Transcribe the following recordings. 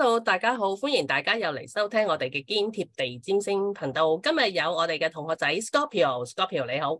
Hello，大家好，歡迎大家又嚟收聽我哋嘅堅貼地占星頻道。今日有我哋嘅同學仔 Scorpio，Scorpio 你好，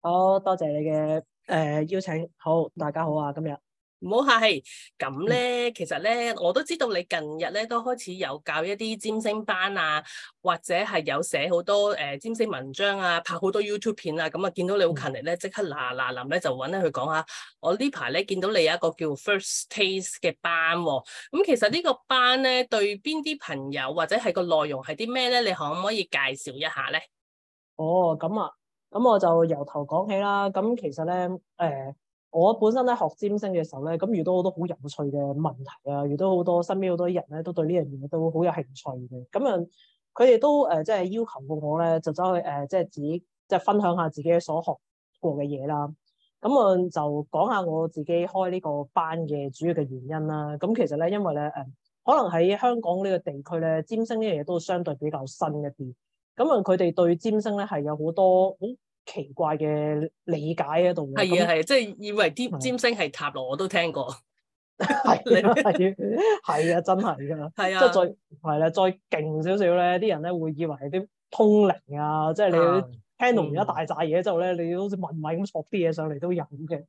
好，oh, 多謝你嘅誒、呃、邀請。好，大家好啊，今日。唔好客氣咁咧，其實咧，我都知道你近日咧都開始有教一啲占星班啊，或者係有寫好多誒占星文章啊，拍好多 YouTube 片啊，咁啊見到你好勤力咧，即刻嗱嗱臨咧就搵咧佢講下我。我呢排咧見到你有一個叫 First Taste 嘅班，啊，咁、嗯、其實呢個班咧對邊啲朋友或者係個內容係啲咩咧？你可唔可以介紹一下咧？哦，咁啊，咁我就由頭講起啦。咁其實咧，誒、呃。我本身咧學占星嘅時候咧，咁遇到好多好有趣嘅問題啊，遇到好多，很到多身邊好多人咧，都對呢樣嘢都好有興趣嘅。咁啊，佢哋都誒、呃，即係要求過我咧，就走去誒、呃，即係自即係分享下自己所學過嘅嘢啦。咁啊，就講下我自己開呢個班嘅主要嘅原因啦。咁其實咧，因為咧誒、呃，可能喺香港呢個地區咧，占星呢樣嘢都相對比較新一啲。咁啊，佢哋對占星咧係有好多好。嗯奇怪嘅理解喺度，係啊係，即係、嗯、以為啲占星係塔羅，我都聽過。係係啊，真係㗎，係啊，即係再係啦，再勁少少咧，啲人咧會以為係啲通靈啊，即、就、係、是、你聽到唔一大扎嘢之後咧，啊、你好似文偉咁索啲嘢上嚟都有嘅。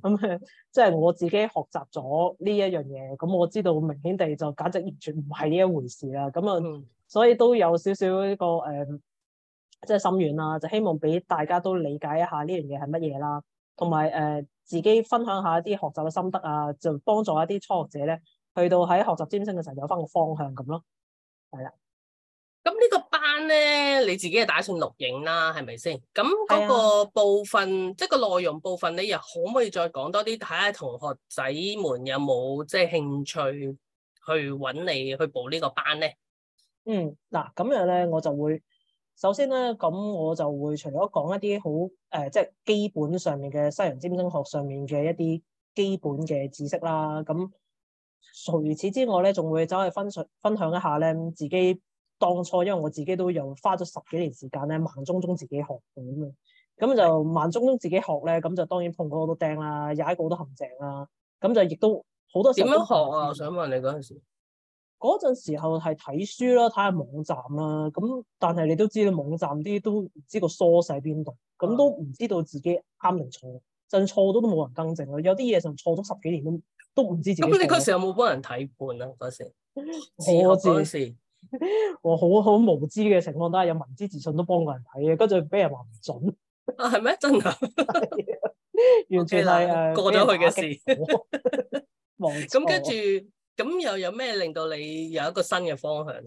咁即係我自己學習咗呢一樣嘢，咁、嗯、我知道明顯地就簡直完全唔係呢一回事啦。咁、嗯、啊，所以都有少少呢個誒。嗯即係心願啦，就希望俾大家都理解一下呢樣嘢係乜嘢啦，同埋誒自己分享一下一啲學習嘅心得啊，就幫助一啲初學者咧，去到喺學習占星嘅時候有翻個方向咁咯，係啦。咁呢個班咧，你自己係打算錄影啦，係咪先？咁嗰個部分，的即係個內容部分，你又可唔可以再講多啲，睇下同學仔們有冇即係興趣去揾你去報呢個班咧？嗯，嗱，咁樣咧，我就會。首先咧，咁我就會除咗講一啲好誒，即係基本上面嘅西洋占星學上面嘅一啲基本嘅知識啦。咁除此之外咧，仲會走去分享分享一下咧，自己當初，因為我自己都有花咗十幾年時間咧，盲中中自己學嘅咁啊。咁就盲中中自己學咧，咁就當然碰過好多釘啦，踩過好多陷阱啦。咁就亦都好多時點樣學，學啊？我想問你嗰陣時。嗰陣時候係睇書啦，睇下網站啦，咁但係你都知道，道網站啲都唔知個疏細邊度，咁都唔知道自己啱定錯，真錯都都冇人更正啦。有啲嘢就錯咗十幾年都都唔知自咁、嗯、你嗰時有冇幫人睇盤啊？嗰時，我知，己先實，我好好無知嘅情況都下，有無知自信都幫過人睇嘅，跟住俾人話唔準，係咩、啊、真噶？ 完全係是過咗佢嘅事，咁跟住。咁又有咩令到你有一個新嘅方向啊？誒、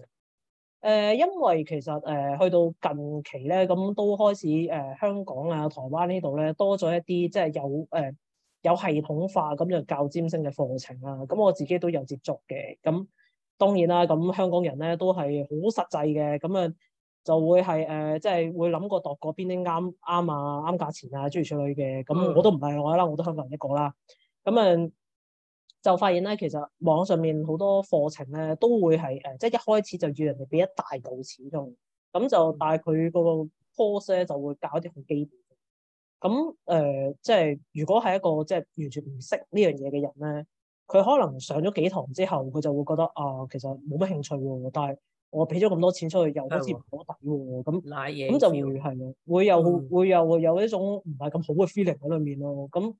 呃，因為其實誒、呃，去到近期咧，咁都開始誒、呃，香港啊、台灣呢度咧，多咗一啲即係有誒、呃、有系統化咁嘅教占星嘅課程啊。咁、嗯、我自己都有接觸嘅。咁、嗯、當然啦，咁、嗯、香港人咧都係好實際嘅，咁、嗯、啊就會係誒、呃，即係會諗過度過邊啲啱啱啊，啱價錢啊，諸如此類嘅。咁、嗯嗯、我都唔係我啦，我都香港人一個啦。咁、嗯、啊。嗯就發現咧，其實網上面好多課程咧，都會係誒、呃，即係一開始就要人哋俾一大嚿錢咯，咁就但係佢個 course 咧就會教一啲好基本。咁誒、呃，即係如果係一個即係完全唔識呢樣嘢嘅人咧，佢可能上咗幾堂之後，佢就會覺得啊，其實冇乜興趣喎，但係我俾咗咁多錢出去，又好似唔好抵喎，咁吧，賴嘢那，咁就會係咯、嗯，會有會有有一種唔係咁好嘅 feeling 喺裏面咯，咁。嗯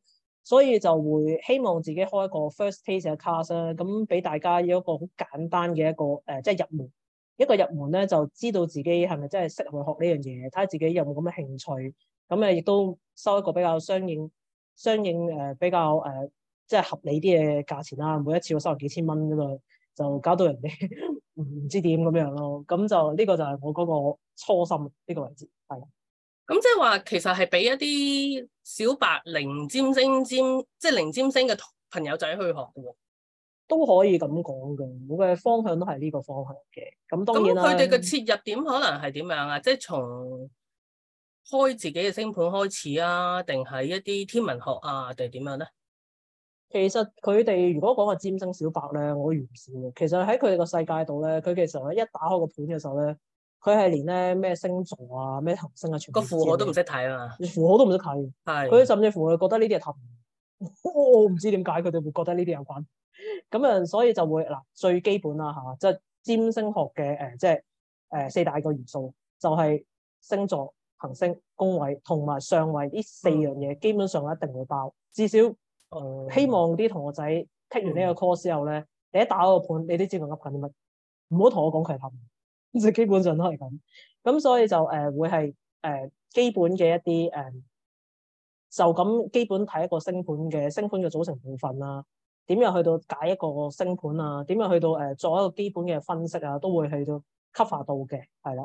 所以就會希望自己開一個 first taste 嘅 class 啦，咁俾大家有一個好簡單嘅一個誒，即、呃、係、就是、入門，一個入門咧就知道自己係咪真係適合學呢樣嘢，睇下自己有冇咁嘅興趣，咁誒亦都收一個比較相應相應誒比較誒即係合理啲嘅價錢啦，每一次我收幾千蚊咁嘛，就搞到人哋唔 知點咁樣咯，咁就呢、這個就係我嗰個初心呢、這個位置係。咁即係話，其實係俾一啲小白零占星占，即係零占星嘅朋友仔去學嘅，都可以咁講嘅。我嘅方向都係呢個方向嘅。咁當然啦。佢哋嘅切入點可能係點樣啊？即係從開自己嘅星盤開始啊，定係一啲天文學啊，定係點樣咧？其實佢哋如果講個占星小白咧，我完善嘅。其實喺佢哋個世界度咧，佢其實一打開個盤嘅時候咧。佢係連咧咩星座啊、咩行星啊，全部個符號都唔識睇啊嘛，符號都唔識睇，佢的甚至乎佢覺得呢啲係塔，我、哦、唔知點解佢哋會覺得呢啲有關，咁啊，所以就會嗱最基本啦、啊、吓、就是呃，即係占星學嘅誒，即係誒四大個元素，就係、是、星座、行星、宮位同埋相位呢四樣嘢，嗯、基本上一定會爆，至少誒、呃嗯、希望啲同學仔 take 完呢個 course 之後咧，嗯、你一打開個盤，你都知佢噏緊啲乜，唔好同我講佢係塔。即基本上都係咁，咁所以就誒、呃、會係誒、呃、基本嘅一啲誒、呃，就咁基本睇一個星盤嘅星盤嘅組成部分啦、啊，點樣去到解一個星盤啊，點樣去到誒、呃、做一個基本嘅分析啊，都會去到 cover 到嘅，係啦。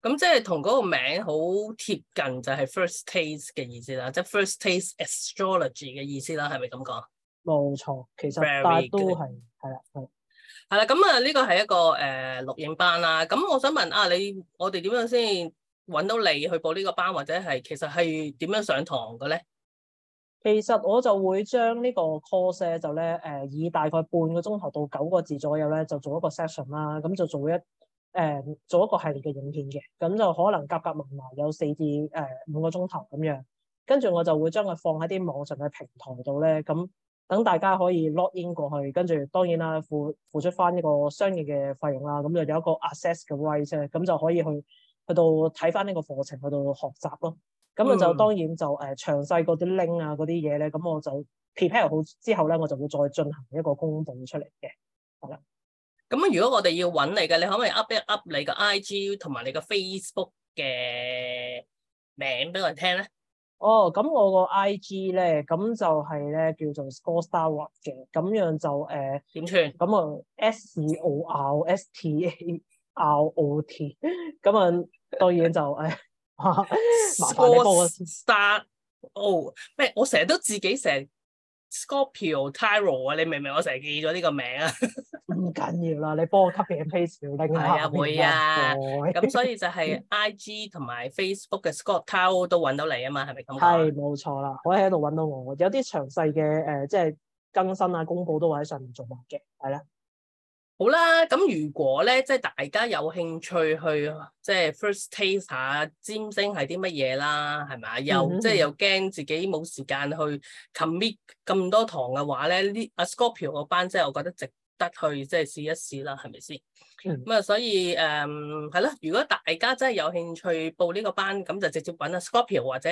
咁即係同嗰個名好貼近，就係、是、first taste 嘅意思啦，即、就、係、是、first taste astrology 嘅意思啦，係咪咁講？冇錯，其實 Very good. 但係都係係啦。係啦，咁啊呢個係一個誒錄影班啦。咁、嗯、我想問啊，你我哋點樣先搵到你去報呢個班，或者係其實係點樣上堂嘅咧？其實我就會將呢個 course 咧就咧誒，以大概半個鐘頭到九個字左右咧，就做一個 session 啦。咁、嗯、就做一誒、嗯、做一個系列嘅影片嘅，咁、嗯、就可能夾夾埋埋有四至誒五個鐘頭咁樣。跟住我就會將佢放喺啲網上嘅平台度咧，咁、嗯。嗯等大家可以 log in 過去，跟住當然啦，付付出翻呢個商業嘅費用啦，咁就有一個 access 嘅 way，即係啫，咁就可以去去到睇翻呢個課程去到學習咯。咁啊就當然就誒詳細嗰啲 link 啊嗰啲嘢咧，咁我就 prepare 好之後咧，我就會再進行一個公佈出嚟嘅。好啦，咁如果我哋要揾你嘅，你可唔可以 up 一 up 你個 IG 同埋你個 Facebook 嘅名俾我哋聽咧？哦，咁我個 I G 咧，咁就係咧，叫做 scorstarot 嘅，咁樣就誒點串？咁、呃、啊 S C O R S T A R O T，咁啊當然就誒、 哎、麻煩你幫我 Star 所 哦，咩？我成日都自己成。Scorpio Tyro 啊，iro, 你明唔明？我成日記咗呢個名啊，唔緊要啦，你幫我 copy 嘅 p a、啊、s t e 令佢係啊會啊，咁、哎、所以就係 I G 同埋 Facebook 嘅 Scorpio 都揾到你啊嘛，係咪咁？係冇錯啦，我喺度揾到我，有啲詳細嘅誒，即係更新啊，公布都會喺上面做埋嘅，係啦。好啦，咁如果咧，即係大家有興趣去即係 first taste 下占星係啲乜嘢啦，係咪啊？又、mm hmm. 即係又驚自己冇時間去 commit 咁多堂嘅話咧，呢阿 Scorpio 個班即係我覺得值得去即係試一試啦，係咪先？咁啊、mm，hmm. 所以誒，係、嗯、咯，如果大家真係有興趣報呢個班，咁就直接揾阿 Scorpio 或者，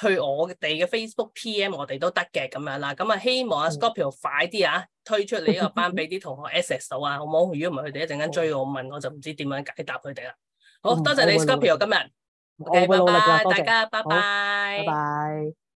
去我哋嘅 Facebook PM，我哋都得嘅咁樣啦。咁啊，希望阿、啊、Scorpio 快啲啊，推出你呢個班俾啲 同學 access 到啊，好冇？如果唔係，佢哋一陣間追我問，我就唔知點樣解答佢哋啦。好、嗯、多謝你 Scorpio 今日，我努力啦，okay 拜拜，大家拜拜。謝